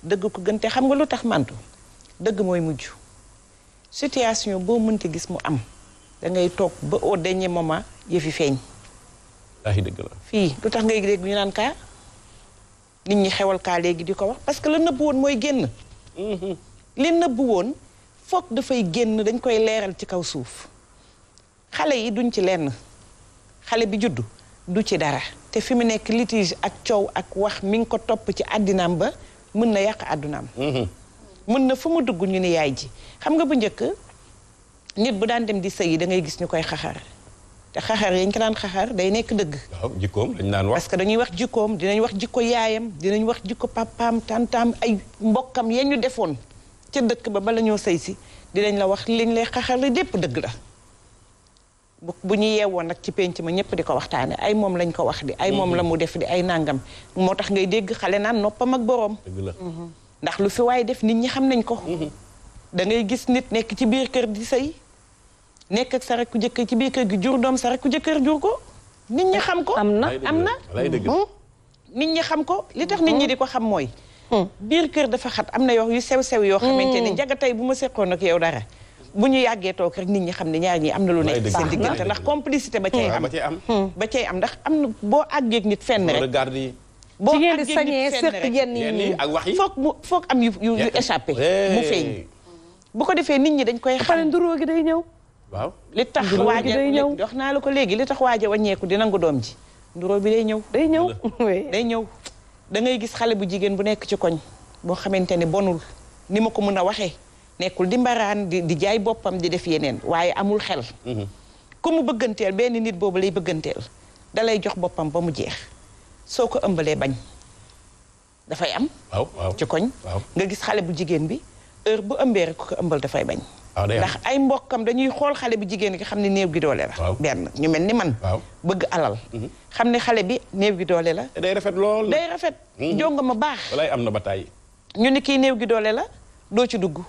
dëgg ko gën te xam nga lu tax mantu dëgg mooy mujj situation boo mënti gis mu am da ngay toog ba au dernier moment yëfi feeñ. fii lu tax ngay dégg ñu naan kaa nit ñi xewal kaa léegi di ko wax parce que la nëbbu woon mooy génn. Mhm. li nëbbu woon foog dafay génn dañ koy leeral ci kaw suuf xale yi duñ ci lenn xale bi juddu du ci dara te fi mu nekk litige ak coow ak wax mi ngi ko topp ci àddinaam ba. mën na yàq àddunaam mhm. mën na fu mu dugg ñu ni yaay ji xam nga ba njëkk nit bu daan dem di sëyi da ngay gis ñu koy xaxar te xaxar yañ ko daan xaxar day nekk dëgg waaw jikkoom naan wax que dañuy wax jikkoom dinañ wax jikko yaayam dinañ wax jikko papaam tantaam ay mbokkam ya ñu defoon ca dëkk ba bala ñoo sëy si dinañ la wax liñ lay xaxar la lépp dëgg la bu ñu yeewoon nag ci penc ma ñëpp di ko waxtaane ay moom lañ ko wax di ay moom la mhm. mu def di ay nàngam moo tax ngay dégg xale naan noppam ak boroom mhm. ndax lu fi waaye def nit ñi xam nañ ko mhm. da ngay gis nit nekk ci biir kër di sëy nekk ak sa rakku jëkkër ci biir kër gi jur doom sa rakku jëkkër jur ko nit ñi xam ko am na am na nit ñi xam ko li tax nit ñi di ko xam mooy biir kër dafa xat am na yoo yu sew-sew yoo xamante ne jaga tey bu ma seqoon ak yow dara bu ñu yàggee toog rek nit ñi xam ne ñaar ñi am na lu nekk seen diggante ndax complicité ba cay hmm. am hmm. ba cay am ndax am na boo àggeek nit fenn rek boo àggeeg nit fenn rek ak wax yi foog mu foog am yu yu échappé mu feeñ bu ko defee nit ñi dañ koy xam nduróo gi day ñëw waaw li tax waaja wax naa la ko léegi li tax waaja wàññeeku di nangu doom ji nduróo bi day ñëw day ñëw day ñëw da ngay gis xale bu jigéen bu nekk ci koñ boo xamante ne bonul ni ma ko mën a waxee nekkul di mbaraan di di jaay boppam di def yeneen waaye amul xel mhm. ku mu bëgganteel benn nit boobu lay bëgganteel dalay jox boppam ba mu jeex soo ko ëmbalee bañ dafay am waaw ci koñ nga gis xale bu jigéen bi heure bu ëmbee rek ko ëmbal dafay bañ ah, ndax ay mbokkam dañuy xool xale bu jigéen gi xam ne néew gi doole la benn ñu mel ni man bëgg alal mhm. xam ne xale bi néew gi doole la day rafet lool day rafet mhm. jongo ma baax walaay am na ba tàyyi ñu ni kii néew gi doole la doo ci dugg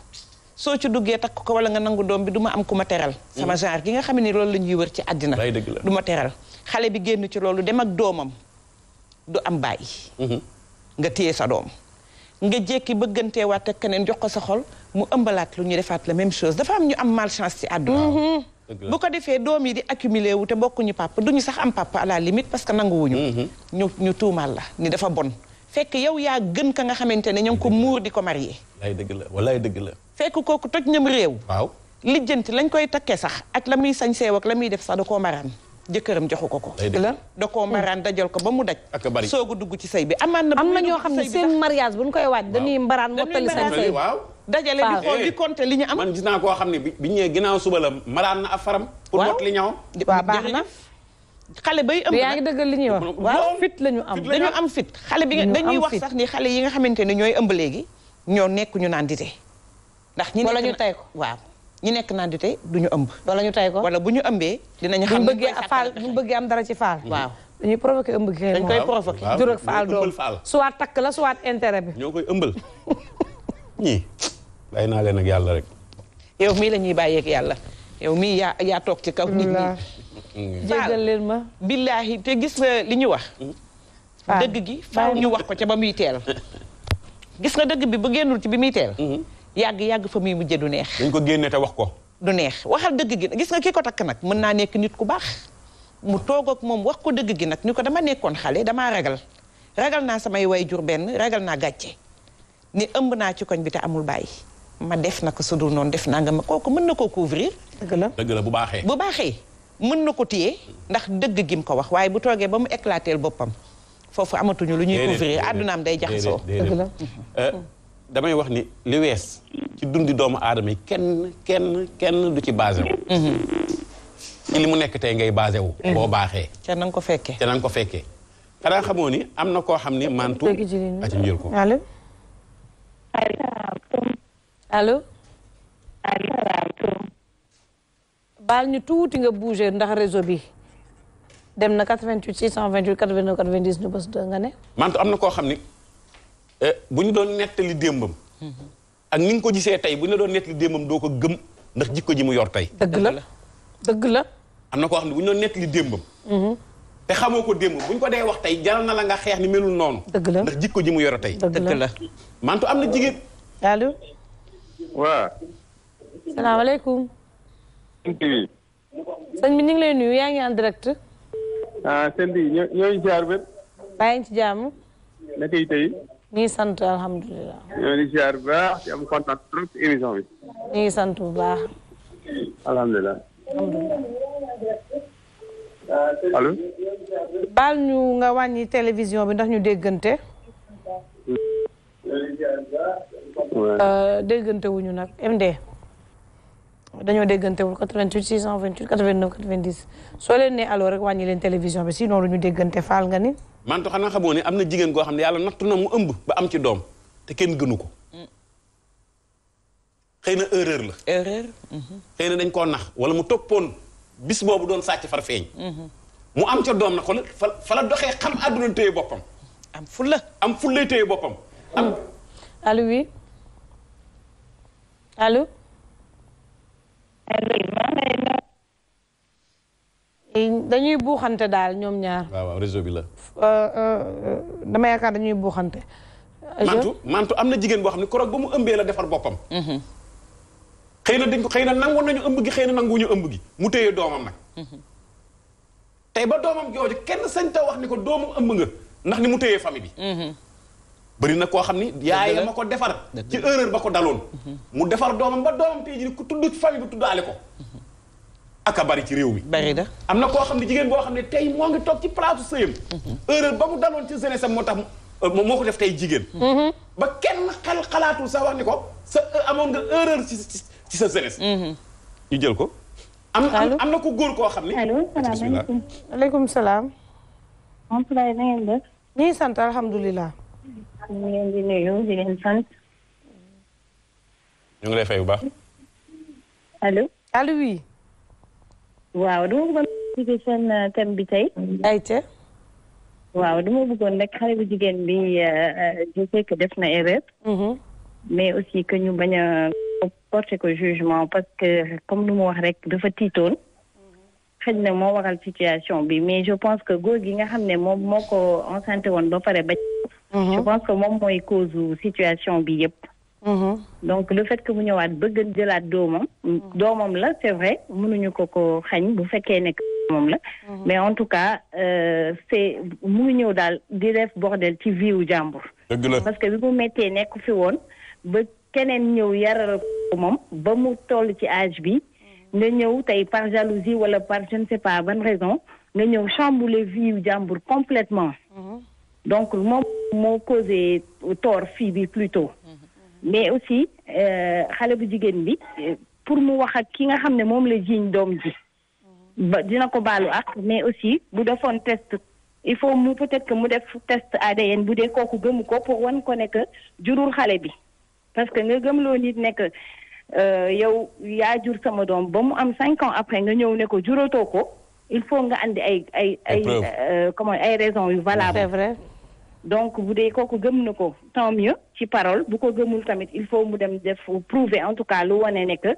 soo ci duggee takk ko wala nga nangu doom bi duma am ku ma teral sama hmm. genre gi nga xam ne loolu la ñuy wër ci àddina du ma teral xale bi génn ci loolu dem ak doomam du am bàyyi hmm. nga téye sa doom nga jekki bëgganteewaat ak keneen jox ko sa xol mu ëmbalaat lu ñu defaat la même chose dafa am ñu am malchance ci àdduna hmm. bu ko defee doom yi di accumuler wu te bokkuñu papa ñu sax am papa à la parce que nanguwuñu ñu ñu tuumaal la ni dafa bon fekk yow yaa gën ka nga xamante ne ñoo ngi ko muur di ko marié. dëgg la walaay dëgg la fekk kooku toj ñam réew. waaw lijjanti lañ koy takkee sax ak la muy sañ seew ak la muy def sax da koo maraan. jëkkëram joxu ko ko. lan da koo maraan dajal ko ba mu daj. ak bari soog dugg ci sëy bi amaan na. am na ñoo xam ne seen mariage bu ñu koy waaj. dañuy mbaraan mottali seen waaw dajale di li ñu am. man koo xam ne bi ñu ñëwee ginnaaw suba la maraan na ab faram. pour mot li ñëw. waa baax na xale bay ëmb yaa ngi dëggal li ñuy wax waaw fit lañu am dañu am fit xale bi dañuy wax sax ni xale yi nga xamante ne ñooy ëmb léegi ñoo nekk ñu naan dite ndax ñi wala ñu tay ko waaw ñi nekk naan di tey du ñu ëmb wala ñu tay ko wala bu ñu ëmbee dinañu xam ne faal bu ñu bëggee am dara ci faal waaw dañuy provoqué ëmb gi dañ koy provoqué jur ak faal doom soit takk la soit intérêt bi ñoo koy ëmbal ñii bàyyi yàlla yow mii la ñuy yàlla yow mii yaa yaa toog ci kaw nit ñi mm-hmm. jéggal leen ma billaahi te gis nga li ñu wax mm-hmm. dëgg gi faaw ñu wax ko ca ba muy teel gis nga dëgg bi bu génnul ci bi muy teel mm-hmm. yàgg yàgg fa muy mujje du neex. dañ ko génne te wax ko. du neex waxal dëgg gi gis nga ki ko takk nag mën naa nekk nit ku baax mu toog ak moom wax ko dëgg gi nag ni ko dama nekkoon xale damaa ragal ragal naa samay waajur benn ragal naa gàcce ni ëmb naa ci koñ bi te amul bàyyi ma def na ko su dul noonu def naa nga ma kooku mën na koo couvrir. dëgg dëgg la bu baaxee. bu baaxee mën na ko téye ndax dëgg gi mu ko wax waaye bu toogee ba mu éclater boppam foofu amatuñu lu ñuy couvrir àddunaam day jaxasoo dëgg damay wax ni li wees ci dundi doomu aadama yi kenn kenn kenn du ci basé wu mhm. ci mu nekk tey ngay basé wu mhm. boo baaxee te ko fekkee te na ko fekkee xanaa xamoo ni am na koo xam ni mantu a ci njël ko allo allo baal ñu tuuti nga bougé ndax réseau bi dem na 88 628 89 90 bés nga ne mantu am na koo xam ni Eh, bu ñu doon nettali démbam. Mm-hmm. ak ni nga ko gisee tey bu ñu doon nettali démbam doo ko gëm ndax jikko ji mu yor tey. dëgg la dëgg la. am na koo xam ne bu ñu doon nettali démbam. Mm-hmm. te xamoo ko démb bu ñu ko dee wax tey jaral na la nga xeex ni melul noonu. dëgg la ndax jikko ji mu yor tey. dëgg la mantu am na jigéen. allo. waaw. salaamaaleykum. sëñ bi ñu ngi lay nuyu yaa ngi direct. ah sëñ bi ñoo ñoo ngi jaar ba. ci jàmm. na tey. ñu ngi sant alhamdulilah. ñoo ngi ziar bu baax di am kontaan trop ci émission bi. ñu ngi sant bu baax. alhamdulilah. alhamdulilah. allo. baal ñu nga wàññi télévision bi ndax ñu déggante. Euh, déggante wuñu nag MD. dañoo déggante wul 88 628 89 90 soo leen nee allo rek wàññi leen télévision bi sinon lu ñu déggante faal nga ni. man to xanaa xamoo ne am na jigéen goo xam ne yàlla nattu na mu ëmb ba am ci doom te kenn gënu ko xëy na erreur la erreur mhm. xëy na dañ koo nax wala mu toppoon bis boobu doon sàcc far feeñ mhm. mu am ca doom na xool fa la doxee xam àdduna téye boppam am fulla am fulla téye boppam am mm. allo oui allo dañuy buuxante daal ñoom ñaar. waaw waaw réseau bi la. Euh, euh, euh, dama yaakaar dañuy buuxante. mantu mantu am na jigéen boo xam ne koroog ba mu ëmbee la defar boppam. Mm-hmm. xëy na dañ ko xëy na nangu nañu ëmb gi xëy na nanguwuñu ëmb gi mu téye doomam nag. Mm-hmm. tey ba doomam jooju kenn sañ ta wax ni ko doomu ëmb nga ndax ni mu téye famille bi. Mm-hmm. bari na koo xam ni yaay ma ko defar. ci erreur ba ko daloon. mu defar doomam ba doomam tey jii ku tudd famille bi tuddaale ko. aka bari ci réew mi. bari na am na koo xam ne jigéen boo xam ne tey moo ngi toog ci plaatu sëyam. Mm-hmm. erreur ba mu daloon ci jeunesse am moo tax euh, moo ko def tey jigéen. Mm-hmm. ba kenn xel xalaatul sax wax ni ko sa euh, amoon nga erreur ci ci sa jeunesse. Mm-hmm. ñu jël ko. am am na ko góor koo xam ne. allo salaamaaleykum aleykum salaam. ngi sant alhamdulilah. ñu ngi leen fay bu baax. allo. allo oui. waaw dama bëggoon ci seen euh, thème bi tey. ayca. waaw dama bëggoon rek xale bu jigéen bi euh, euh, je sais que def na erreur. Mm-hmm. mais aussi que ñu bañ a porter ko jugement parce que comme lu mu wax rek dafa tiitoon. xëj na moo waral situation bi mais je pense que góor gi nga xam ne moom moo ko enceinte woon ba pare ba. Mm-hmm. je pense que moom mooy cause situation bi yëpp. Mm-hmm. donc le fait que mu ñëwaat bëgg jëlaat doomam. Mm-hmm. doomam la c'est vrai mënuñu ko ko xañ bu fekkee nekk moom la. Mm-hmm. mais en tout cas euh, c'est mu ñëw daal di def bordel ci viwu jàmbur. parce que bi mu méttee nekk fi woon ba keneen ñëw yaral ko moom ba mu toll ci âge bi. nga ñëw tey par jalousie wala par je ne sais pas ban raison nga ñëw chambouler viwu jàmbur complètement donc moom moo causé tort fii bi plutôt. mais aussi euh, xale bu jigéen bi pour mu wax ak ki nga xam ne moom la jiiñ doom ji ba dina ko baalu ak mais aussi bu defoon test il faut mu peut-être que mu def test ADN bu dee kooku gëmu ko pour wan ko ne que jurul xale bi parce que nga gëm loo nit nekk que euh, yow yaa jur sama doom ba mu am cinq ans après nga ñëw ne ko juratoo ko il faut nga andi ay ay ay euh, comment ay raisons yu valable. C'est donc bu dee kooku gëm na ko tant ci parole bu ko gëmul tamit il faut mu dem def prouver en tout cas lu wane ne que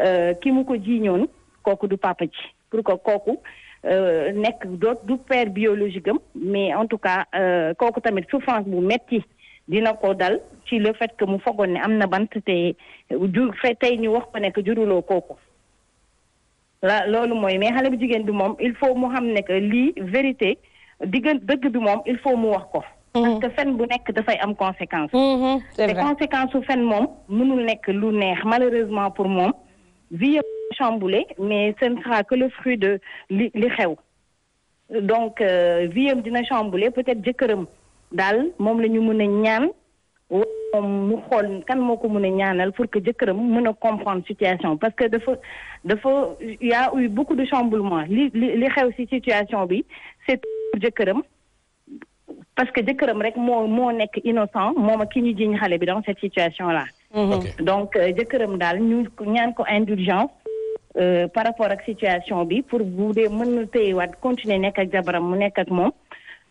euh, ki mu ko jiiñoon kooku du papa ji pour ko kooku euh, nekk doot du per biologique am mais en tout cas euh, kooku tamit souffrance bu metti dina ko dal ci le fait que mu fogoon ne am na bant te jur fe tey ñu wax ko nekk juruloo kooku la loolu mooy mais xale bu jigéen bi moom il faut mu xam ne que lii vérité diggante dëgg bi moom il faut mu wax ko parce que mhm. fen bu nekk dafay am conséquence. Mhm. te conséquence su fen moom mënul nekk lu neex malheureusement pour moom vie chamboulée mais ce ne sera que le fruit de li li xew donc euh, vie am dina chamboulé peut-être jëkkëram daal moom la ñu mën a ñaan moom mu xool kan moo ko mën a ñaanal pour que jëkkëram mën a comprendre situation parce que dafa dafa y a eu beaucoup de chamboulement li li li xew ci situation bi c'est pour jëkkëram. parce que jëkkëram rek moo moo nekk innocent moom ak ki ñu jiñ xale bi dans cette situation là. Mhm. donc euh, jëkkëram daal ñu ñaan ko indulgence. Euh, par rapport ak situation bi pour bu mën na téyewaat continuer nekk ak jabaram mu nekk ak moom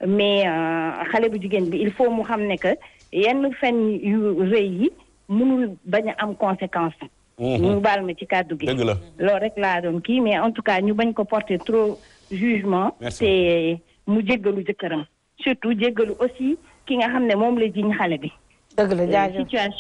mais euh, xale bu jigéen bi il faut mu xam ne que yenn fen yu rëy yi mënul bañ a am conséquence. ñu mhm. baal ma ci kàddu gi. dëgg loolu rek laa doon kii mais en tout cas ñu bañ ko porter trop jugement. te mu jéggalu jëkkëram. surtout jéggalu aussi ki nga xam ne moom la jiñ xale bi. dëgg la euh, jaajëf situation.